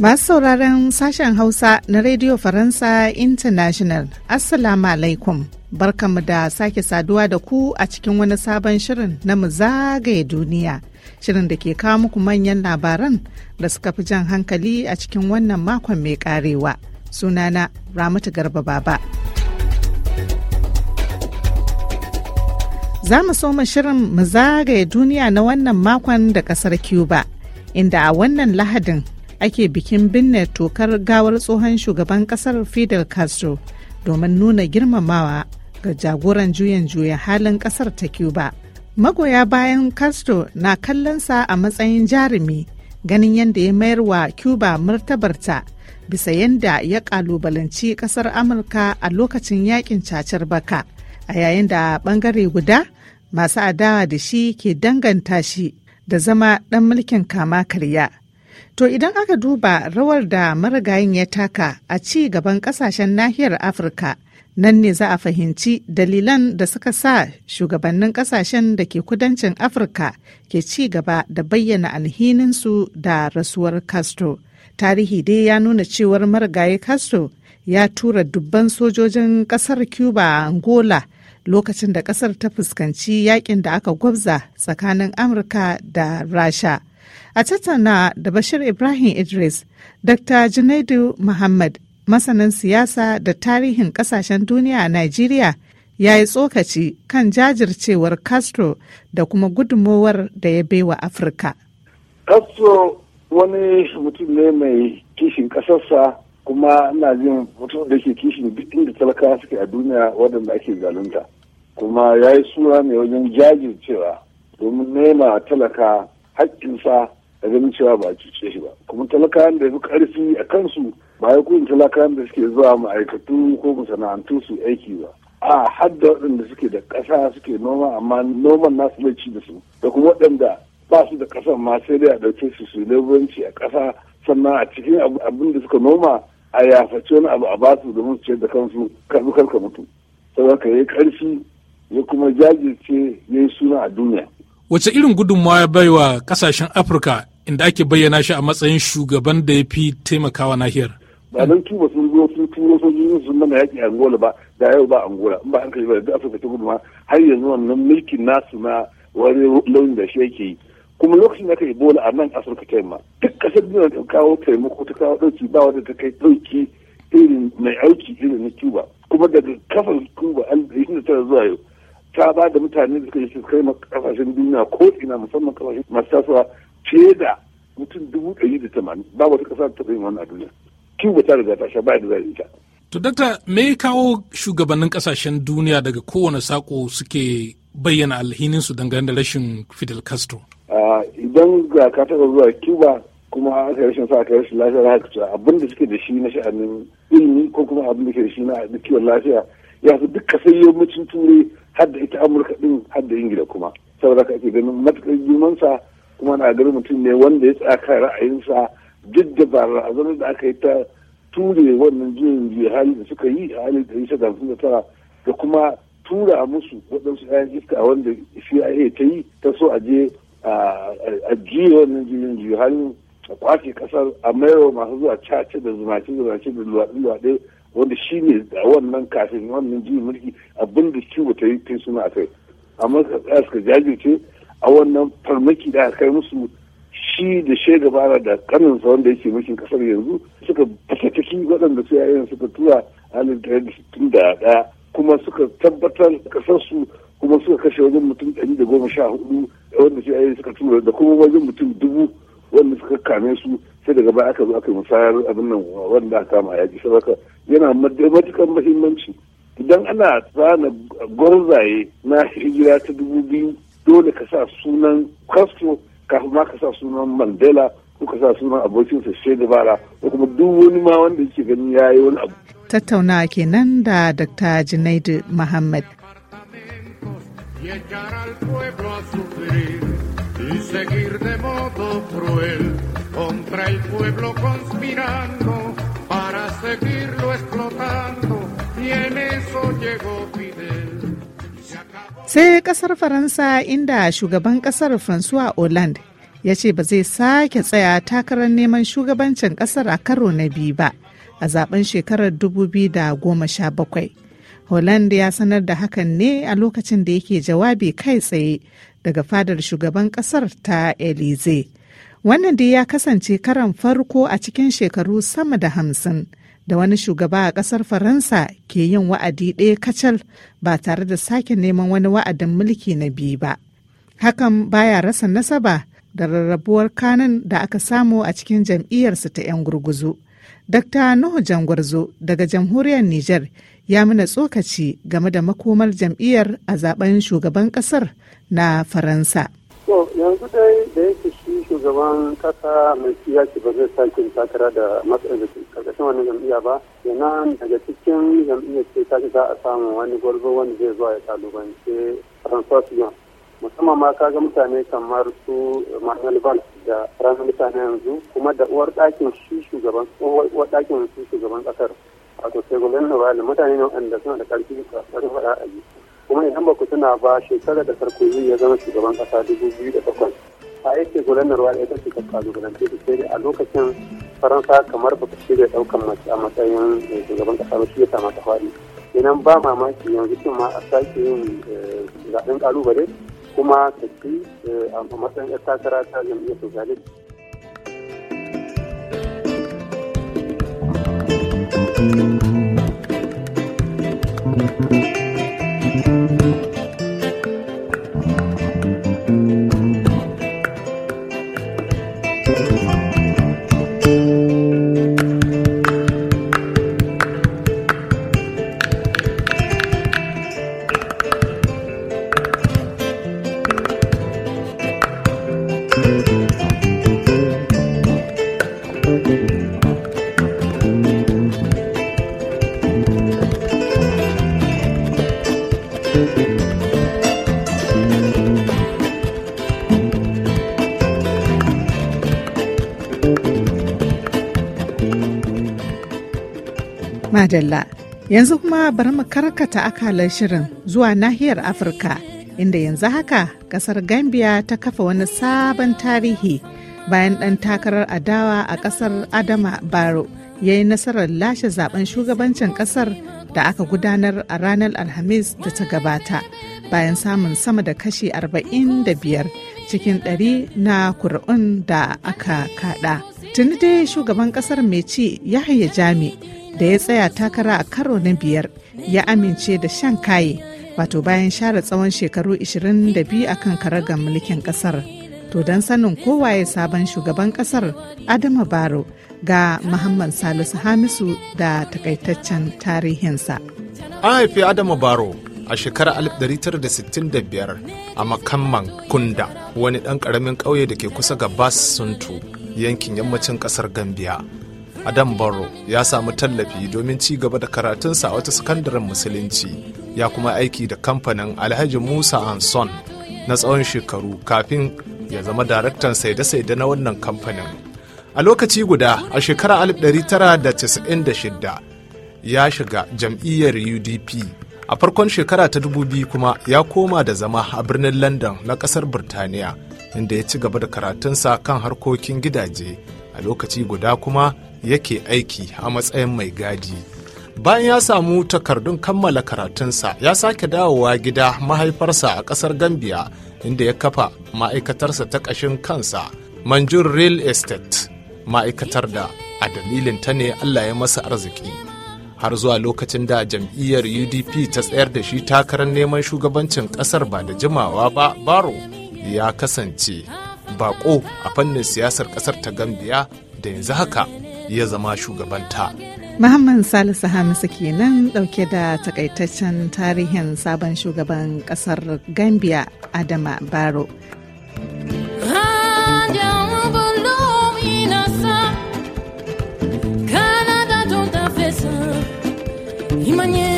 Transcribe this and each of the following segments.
Masu sauraron sashen Hausa na Radio Faransa International, Assalamu alaikum. Barkanmu da sake saduwa da ku a cikin wani sabon shirin na mu zagaye duniya. Shirin da ke kawo muku manyan labaran da suka fi jan hankali a cikin wannan makon mai karewa. Sunana Ramatu Garba Baba. Za mu so soma shirin mu zagaye duniya na wannan makon da ƙasar Cuba, inda a wannan lahadin ake bikin binne tokar gawar tsohon shugaban kasar fidel castro domin nuna girmamawa ga jagoran juyin juya halin kasar ta cuba magoya bayan castro na kallonsa a matsayin jarumi ganin yadda ya mayar wa cuba martabarta bisa yadda ya kalubalanci kasar amurka a lokacin yakin cacar baka a yayin da bangare guda masu adawa da shi ke danganta shi da zama dan mulkin kama karya To idan aka duba rawar da marigayin ya taka a ci gaban kasashen nahiyar Afirka, nan ne za a fahimci dalilan da suka sa shugabannin kasashen da ke kudancin Afirka ke ci gaba da bayyana alhininsu da rasuwar Castro. Tarihi dai ya nuna cewar marigayi Castro ya tura dubban sojojin kasar Cuba a Angola. lokacin da kasar ta fuskanci yakin da aka gwabza tsakanin amurka da rasha A tattauna da Bashir Ibrahim Idris, Dr. Junaidu Muhammad, masanin siyasa da tarihin kasashen duniya a Najeriya, ya yi tsokaci kan jajircewar Castro da kuma gudunmowar da ya baiwa Afirka. Castro wani mutum ne mai kishin kasarsa kuma ina jin mutum da ke kishin duk inda talaka suke a duniya waɗanda ake zalunta. Kuma ya yi sura ne wajen jajircewa domin nema talaka haƙƙinsa da ganin cewa ba a cuce shi ba kuma talakawan da ya fi karfi a kansu ba ya kuyin talakawan da suke zuwa ma'aikatu ko masana'antu su aiki ba a hadda waɗanda suke da ƙasa suke noma amma noman nasu bai ci da su da kuma waɗanda ba su da ƙasan ma sai dai a ɗauke su su lebanci a ƙasa sannan a cikin abin da suka noma a yafaci wani abu a basu domin su ciyar da kansu karfi karka mutu saboda ka yi ƙarfi ya kuma jajirce ya yi suna a duniya. Wace irin gudunmawa ya baiwa kasashen Afirka inda ake bayyana shi a matsayin shugaban da ya fi taimakawa nahiyar ba nan tuba sun zo sun turo sun yaƙi a angola ba da yau ba angola in ba an kai ba da afirka ta gudu ma har yanzu wannan mulkin nasu na wani launin da shi yake yi kuma lokacin da aka yi bola a nan afirka ta yamma duk kasar duniya ta kawo taimako ta kawo ɗauki ba wanda ta kai ɗauki irin mai aiki irin na tuba. kuma daga kafar tuba an da tara zuwa yau ta ba da mutane da suka yi su kai kasashen duniya ko ina musamman kafashen masu tasowa fiye da mutum dubu ɗari da tamanin ba wata ƙasa ta yin wannan a duniya ba ta riga ta sha ba da zai ita. to dakta me ya kawo shugabannin ƙasashen duniya daga kowane sako suke bayyana alhininsu dangane da rashin fidel castro. Ah, idan ga ka taɓa zuwa cuba kuma aka rashin sa aka rashin lafiya ka ci abin da suke da shi na sha'anin ilimi ko kuma abin da ke da shi na kiwon lafiya ya fi duk sayo yammacin turai har da ita amurka din har da ingila kuma saboda ka ake ganin matuƙar girmansa kuma na gari mutum ne wanda ya tsaka ra'ayinsa duk da barazanar da aka yi ta ture wannan juyin juya hali da suka yi a halin ɗari shida hamsin da tara da kuma tura musu waɗansu ƴan iska wanda CIA ta yi ta so a je a juya wannan juyin juya halin a kwace ƙasar a mayar masu zuwa caca da zumace zumace da luwaɗe wanda shi ne da wannan kafin wannan juyin mulki abin da ciwo ta yi kai suna a kai amma suka jajirce a wannan farmaki da aka kai musu shi da shega bara da kaninsa wanda yake mulkin kasar yanzu suka fasataki waɗanda su yayin suka tura halin da ɗaya kuma suka tabbatar kasarsu kuma suka kashe wajen mutum ɗari da goma sha hudu wanda su yayin suka tura da kuma wajen mutum dubu wanda suka kame su sai daga baya aka zo aka musayar abin nan wanda aka kama yaƙi sabaka yana matuƙar muhimmanci idan ana tsana gwarzaye na hijira ta dubu biyu dole ka sa sunan castro kafin ma ka sa sunan mandela ko ka sa sunan abokinsa che guevara ko kuma duk wani ma wanda yake ganin ya yi wani abu Tattauna kenan da dr junaidu muhammad y contra el pueblo conspirando para seguirlo explotando y en eso llegó sai kasar faransa inda shugaban kasar francois hollande ya ce ba zai sake tsaya takarar neman shugabancin kasar a karo na biyu ba a zaben shekarar 2017 hollande ya sanar da hakan ne a lokacin da yake jawabi kai tsaye daga fadar shugaban kasar ta elize wannan da ya kasance karan farko a cikin shekaru sama da hamsin da wani shugaba a ƙasar faransa ke yin wa'adi ɗaya kacal ba tare da sake neman wani wa'adin mulki na biyu ba hakan baya rasa nasaba da rarrabuwar kanan da aka samu a cikin jam'iyyarsa ta 'yan gurguzu dr nuhu jangwarzo daga jamhuriyar niger ya mana tsokaci game da makomar jam'iyyar a zaben shugaban kasar na faransa yanzu dai da yake shugaban kasa mai siya siyasi ba zai sake takara da matsayin da karkashin wani jam'iyya ba kenan daga cikin jam'iyyar ce ta za a samu wani gwarzo wanda zai zuwa ya kalubance francois fillon musamman ma ka ga mutane kamar su manuel valls da ranar mutane yanzu kuma da uwar ɗakin shi shugaban uwar ɗakin shi shugaban ƙasar wato sai gwamnati na mutane ne wanda suna da ƙarfi da ƙarfin faɗa a kuma idan ba ku tuna ba shekarar da sarkozy ya zama shugaban ƙasa dubu biyu da takwas a yake gudanarwa da ita ce ta kalubalance da sai a lokacin faransa kamar ba ta shirya daukan mace a matsayin eh, shugaban kasa ba shi ya sama ta idan ba mamaki yanzu cin ma a sake yin eh, zaɓen kalubale kuma ta ci eh, a matsayin ya takara ta jam'iyyar socialist Madalla. Yanzu kuma bari mu karkata akalar shirin zuwa nahiyar Afirka, inda yanzu haka kasar Gambia ta kafa wani sabon tarihi bayan ɗan takarar adawa a kasar Adama Baro ya yi nasarar lashe zaben shugabancin kasar da aka gudanar a ranar Alhamis da ta gabata bayan samun sama da kashi 45 cikin 100 na kuri'un da aka kada. Tun dai shugaban kasar mai ci haye Jami da ya tsaya takara a karo na biyar ya amince da shan kaye wato bayan share tsawon shekaru 22 a kan karagar mulkin kasar to don sanin kowaye sabon shugaban kasar adama baro ga muhammad salisu hamisu da takaitaccen tarihinsa an haifi adama baro a shekarar 1965 a makamman kunda wani ɗan ƙaramin ƙauye da ke kusa ga bas suntu yankin yammacin ƙasar gambia Adam Barrow ya samu tallafi domin ci gaba da karatunsa a wata sakandaren musulunci ya kuma aiki da kamfanin Alhaji Musa Anson na tsawon shekaru kafin ya zama daraktan saide-saide na wannan kamfanin. A lokaci guda a shekara 1996 ya shiga jam'iyyar UDP. A farkon shekara ta 2000 kuma ya koma da zama a birnin London na kasar Birtaniya inda ya ci gaba da karatunsa kan harkokin gidaje. A lokaci guda kuma yake aiki a matsayin mai gadi bayan ya samu takardun kammala karatunsa ya sake dawowa gida mahaifarsa a ƙasar gambia inda ya kafa ma'aikatarsa ta ƙashin kansa manjur real estate ma'aikatar da a dalilin ta ne allah ya masa arziki har zuwa lokacin da jam'iyyar udp ta tsayar da shi takarar neman shugabancin ƙasar ba da jimawa ba baro ya kasance bako a fannin siyasar ƙasar ta gambiya da yanzu haka ya zama shugabanta. Muhammad Salisu Hamisu kenan dauke da takaitaccen tarihin sabon shugaban kasar Gambia Adama Baro. Imanye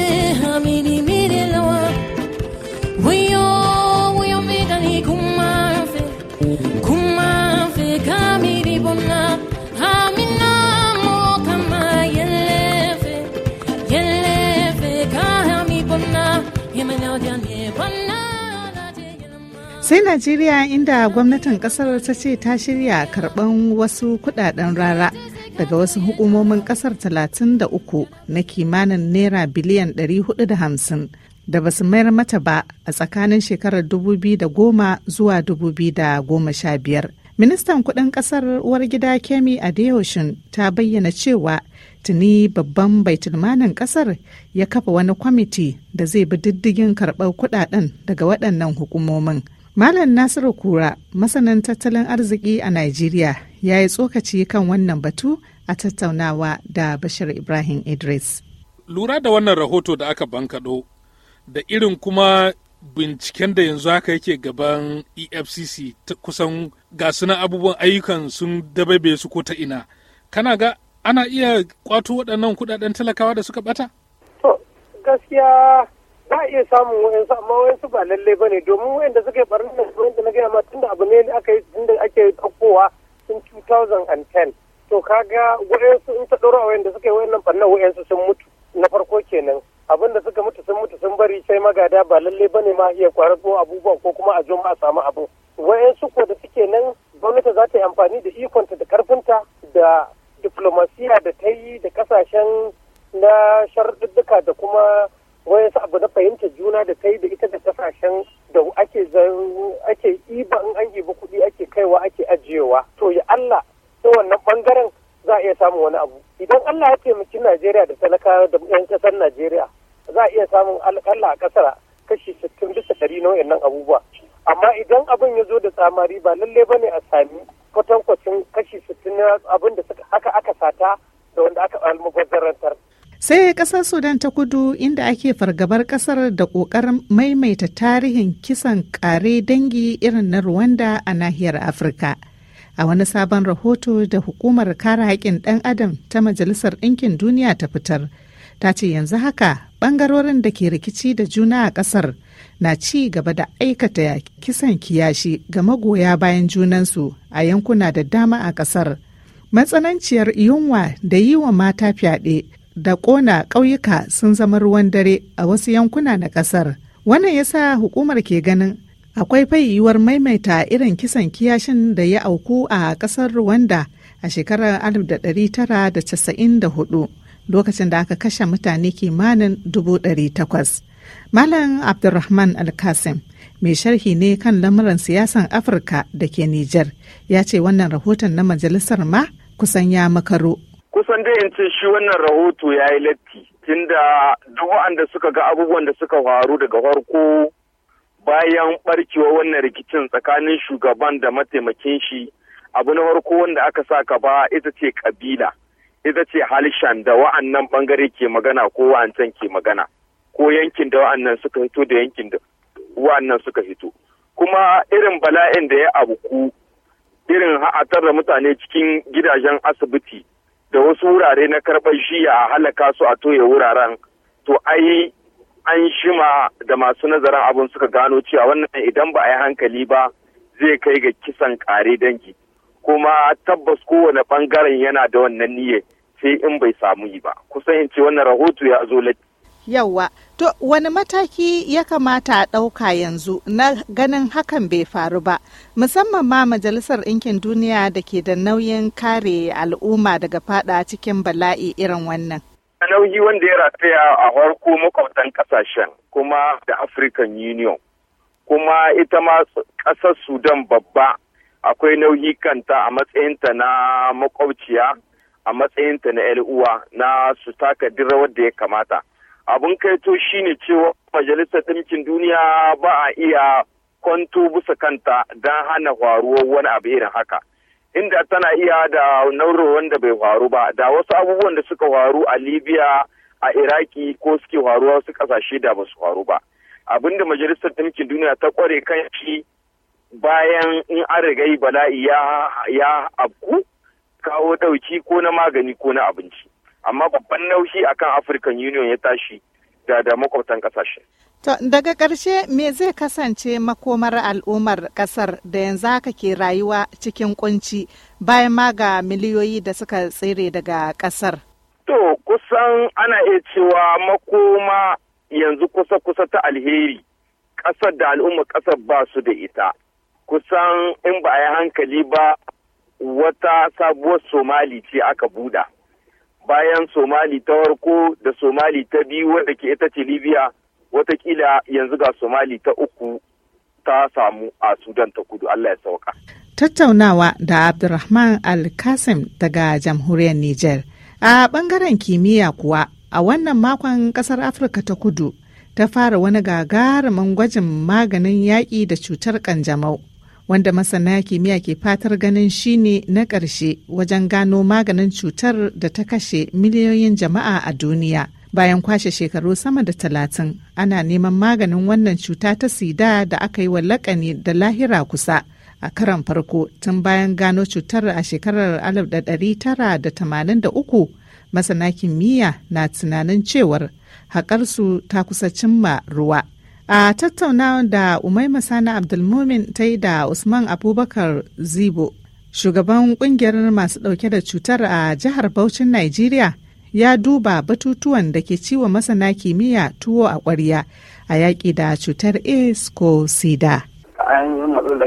sai najeriya inda gwamnatin kasar ta ce ta shirya karban wasu kudaden rara daga wasu hukumomin kasar 33 na kimanin naira biliyan 450 da ba su mayar mata ba a tsakanin shekarar 2010 zuwa 2015 ministan kudin kasar uwar gida kemi adeoshin ta bayyana cewa tuni babban baitulmanin kasar ya kafa wani kwamiti da zai bi diddigin karɓar kudaden daga waɗannan hukumomin Malam Nasiru Kura, masanin tattalin arziki a Najeriya, ya yi tsokaci kan wannan batu a tattaunawa da Bashir Ibrahim Idris. Lura da wannan rahoto da aka bankaɗo, da irin kuma binciken da yanzu haka yake gaban EFCC ta kusan gasunan abubuwan ayyukan sun dababe su ko ta ina. Kana ga ana iya kwato waɗannan kuɗaɗen talakawa da suka ɓata? To, gaskiya za a iya samun su amma su ba lallai ne domin wayanda suka yi barin da da na gaya ma tunda abu ne aka yi da ake ɗaukowa tun 2010 to kaga su in ta ɗora suke suka yi wayannan wa'in wayansu sun mutu na farko kenan abin da suka mutu sun mutu sun bari sai magada ba lallai ne ma iya ko abubuwa ko kuma a zo ma a samu abu wayansu ko da suke nan gwamnati za ta yi amfani da ikonta da karfinta da diplomasiya da ta yi da kasashen na sharuɗɗuka da kuma wani abu na fahimtar juna da kai da ita da kasashen da ake ake iba in an ibi kuɗi ake kaiwa ake ajiyewa to ya Allah ta wannan bangaren za a iya samun wani abu idan Allah ya taimaki Najeriya da talakawa da 'yan kasar Najeriya za a iya samun alƙalla a ƙasar kashi sittin bisa ɗari na wayannan abubuwa amma idan abin ya zo da tsamari ba lalle ne a sami kwatankwacin kashi sittin na abin da aka aka sata da wanda aka almubazzarantar sai kasar sudan ta kudu inda ake fargabar kasar da kokarin maimaita tarihin kisan kare dangi irin na rwanda a nahiyar afirka a wani sabon rahoto da hukumar kare haƙƙin ɗan adam ta majalisar ɗinkin duniya ta fitar ta ce yanzu haka ɓangarorin da ke rikici da juna a ƙasar na ci gaba da aikata kisan kiyashi ga magoya bayan junansu a yankuna da dama a ƙasar matsananciyar yunwa da yi wa mata fyaɗe da ƙona ƙauyuka sun zama ruwan dare a wasu yankuna na ƙasar. Wannan ya sa hukumar ke ganin akwai fayiwuwar maimaita irin kisan kiyashin da ya auku a ƙasar Rwanda a shekarar 1994 lokacin da aka kashe mutane kimanin 800. Malam Abdulrahman Alkasim mai sharhi ne kan lamuran siyasan Afirka da ke Nijar ya ce wannan rahoton na majalisar ma kusan ya makaro kusan dai in ce shi wannan rahoto ya yi latti tunda duk waɗanda suka ga abubuwan da suka faru daga farko bayan barkewa wannan rikicin tsakanin shugaban da mataimakin shi abu na farko wanda aka sa kaba ita ce kabila ita ce halishan da wa'annan bangare ke magana ko wa'ancan ke magana ko yankin da wa'annan suka fito da yankin da wa'annan suka fito kuma irin bala'in da ya abuku irin ha'atar da mutane cikin gidajen asibiti da wasu wurare na karɓar shiya a halaka su a toye wuraren to ai an shima da masu nazarin abin suka gano cewa wannan idan ba a yi hankali ba zai kai ga kisan kare dangi kuma tabbas kowane ɓangaren yana da wannan niyya sai in bai samu yi ba kusan in ce wannan rahoto ya zo latti Yauwa, to wani mataki ya kamata a ɗauka yanzu na ganin hakan bai faru ba, musamman ma Majalisar Ɗinkin Duniya da ke da nauyin kare al'umma daga fada cikin bala'i irin wannan. Nauyi wanda ya rataya a harko makwabtan ƙasashen kuma da African Union, kuma ita ma ƙasar Sudan babba akwai nauyi kanta a matsayinta na makwabciya a matsayinta na 'yar uwa na su taka duk rawar da ya kamata. abun kaito shine cewa majalisar ɗinkin duniya ba a iya kwanto bisa kanta don hana faruwar wani abu irin haka inda tana iya da nauro wanda bai faru ba da wasu abubuwan da suka faru a libya a iraki ko suke faruwa wasu kasashe da ba su faru ba Abin da majalisar ɗinkin duniya ta kware kan shi bayan in an rigai bala'i ya abu kawo ɗauki ko na magani ko na abinci amma babban naushi akan African Union ya tashi da da makwabtan kasashe. daga ƙarshe me zai kasance makomar al'ummar ƙasar da yanzu haka ke rayuwa cikin kunci bayan ma ga miliyoyi da suka tsere daga ƙasar? To kusan ana iya cewa makoma yanzu kusa-kusa ta alheri ƙasar da al'ummar ƙasar ba su da ita. Kusan in ba a yi hankali ba wata sabuwar Somali ce aka buɗa. bayan somali ta farko da somali ta biyu wadda ke ita ce libya watakila yanzu ga somali ta uku ta samu a sudan ta kudu allah ya sauka tattaunawa da abdulrahman al alkasim daga jamhuriyar niger a bangaren kimiyya kuwa a wannan makon kasar afirka ta kudu ta fara wani gagarumin gwajin maganin yaƙi da cutar kanjamau wanda masana kimiyya ke fatar ganin shine na ƙarshe wajen gano maganin cutar da ta kashe miliyoyin jama'a a duniya. Bayan kwashe shekaru sama da talatin ana neman maganin wannan cuta ta sida da aka yi wa da lahira kusa a karan farko tun bayan gano cutar a shekarar 1983 masana kimiyya na tunanin cewar haƙarsu ta kusa cimma ruwa. a tattaunawa da umaima sani abdulmumin ta yi da usman abubakar zibo shugaban kungiyar masu dauke da cutar a jihar Bauchin nigeria ya duba batutuwan da ke ciwo masana kimiyya tuwo a kwarya a yaƙi da cutar AIDS ko SIDA. matsalar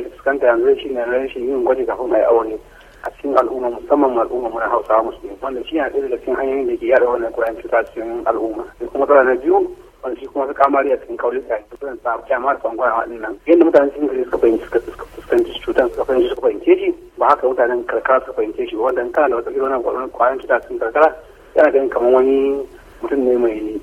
da yanzu shi ne yin kafin a yi aure a cikin al'umma musamman al'umma muna hausawa musulmi wanda shi yana ɗaya daga cikin hanyoyin da ke yaɗa wannan ƙwayar cuta cikin al'umma. Kuma matsala na biyu wanda shi kuma su kamari a cikin kaulin sa su sa kyamar tsangwara waɗannan yadda mutane cikin gari suka fahimci suka fuskanci cutar suka fahimci suka fahimce shi ba haka mutanen karkara suka fahimce shi wanda in kana da wata irin wannan kwayan cuta cikin karkara yana ganin kamar wani mutum ne mai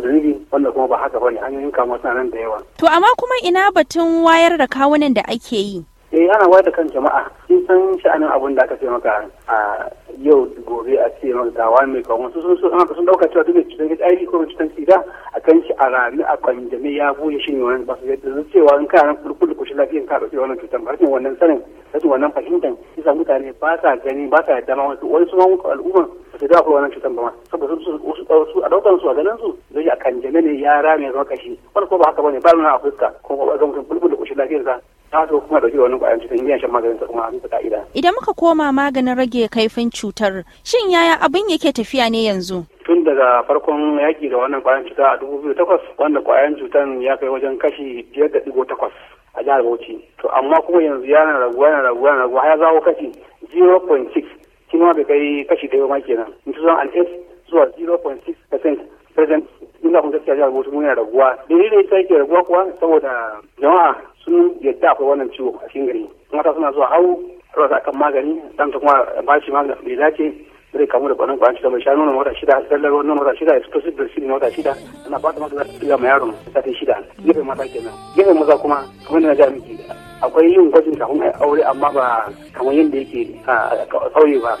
zunubi wanda kuma ba haka bane hanyoyin kamuwa suna nan da yawa. To amma kuma ina batun wayar da kawunan da ake yi? eh ana wayar da kan jama'a sun san sha'anin abun da aka ce maka a yau gobe a ce maka ga wani mai kawo sun so an sun dauka cewa duk cutar HIV ko cutar sida a kan shi a rami a kwanjame ya buye shi ne wannan ba su yadda zai cewa in ka ran kulkul lafiya lafiyan ka dauke wannan cutar ba rashin wannan sanin rashin wannan fahimtar yasa mutane ba sa gani ba sa yadda ma wasu wani su ma al'umma ba su dafa wannan cutar ba ma saboda su su a daukan su a ganin su zai a kanjame ne ya rame ya zama kashi wani ko ba haka ba ne ba nuna a fuska ko ba ga mutum kulkul shi lafiyar sa ta so kuma dauki wani kwayan cutar yin shan maganin ta kuma bisa ka'ida. Idan muka koma maganin rage kaifin cutar shin yaya abin yake tafiya ne yanzu? Tun daga farkon yaki da wannan kwayan cuta a dubu biyu takwas wanda kwayan cutar ya kai wajen kashi biyar da digo takwas a jihar Bauchi. To amma kuma yanzu yana raguwa yana raguwa yana raguwa ya zawo kashi 0.6 kima bai kai kashi ɗaya ma kenan. In 2008 zuwa 0.6 percent present Ina kuma gaskiya jihar Bauchi mun yana raguwa. Dalilin ita yake raguwa kuwa saboda jama'a sun yadda akwai wannan ciwo a cikin gari mata suna zuwa hau rasa akan magani dan ta kuma ba shi magani bai dace zai kamu da kwanan kwanan cuta mai sha nono wata shida dallar ruwan nono wata shida ya fito sibir sibir wata shida ana ba ta mata zata ma yaron ta ta shida gefe mata kenan gefe maza kuma kamar da na ja akwai yin gwajin kafin aure amma ba kamar yadda yake a kauye ba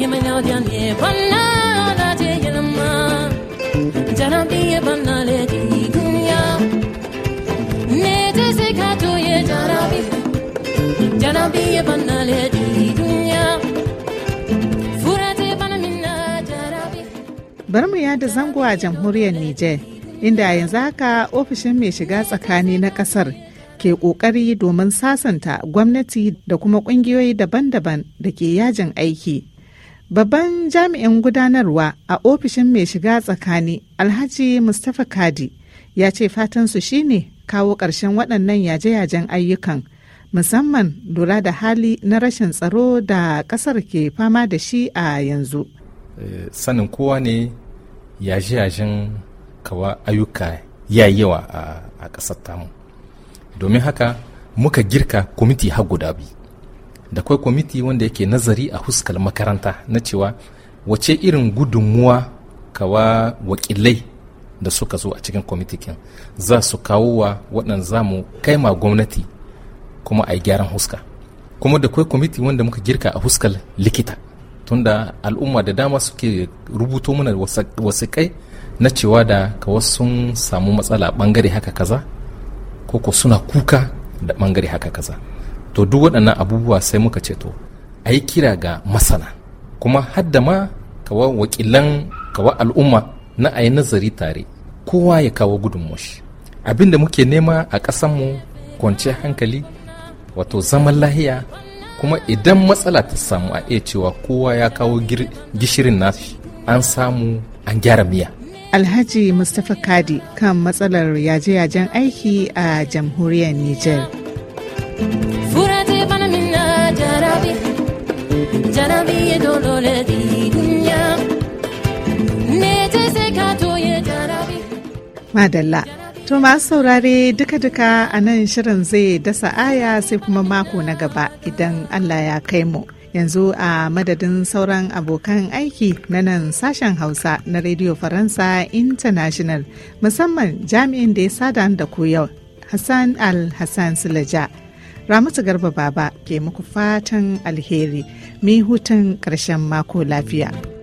You may know the Bar mu yada zango a jamhuriyar Nijar inda yanzu haka ofishin mai shiga tsakani na kasar ke kokari domin sasanta gwamnati da kuma kungiyoyi daban-daban da ke yajin aiki Babban jami'in gudanarwa a ofishin mai shiga tsakani Alhaji Mustapha Kadi ya ce fatan fatansu shine kawo ƙarshen waɗannan yaje-yajen ayyukan musamman lura da hali na rashin tsaro da ƙasar ke fama da shi a yanzu. Eh, sanin kowa ne yaje-yajen kawa ayyuka ya yawa a ƙasar tamu. Domin haka muka girka kwamiti har guda biyu. da kwai kwamiti wanda yake nazari a huskar makaranta na cewa wace irin gudunmuwa kawa wakilai da suka zo a cikin kwamitikin za su kawo wa waɗanda za mu kai ma gwamnati kuma a gyaran huska kuma da kwai kwamiti wanda muka girka a huskar likita tunda al'umma da dama suke rubuto mana wasiƙai na cewa da kawa sun samu matsala ɓangare haka kaza ko ko suna kuka da ɓangare haka kaza to duk waɗannan abubuwa sai muka ce to a yi kira ga masana kuma hadda ma kawa wakilan kawa al'umma na a yi nazari tare kowa ya kawo gudunmoshi abin da muke nema a ƙasanmu kwanciyar hankali wato zaman lahiya kuma idan matsala ta samu a iya cewa kowa ya kawo gishirin nashi an samu an gyara miya alhaji mustapha kadi kan matsalar yaje-yajen aiki a jamhuriyar niger Madalla, To masu saurare duka-duka a nan shirin zai dasa aya sai kuma mako na gaba idan Allah ya kai mu. Yanzu a madadin sauran abokan aiki na nan sashen Hausa na Radio Faransa International musamman jami'in da ya sada da ku yau, Hassan Al-Hassan Silaja. Ramatu Garba Baba ke muku fatan alheri, mai hutun ƙarshen mako lafiya.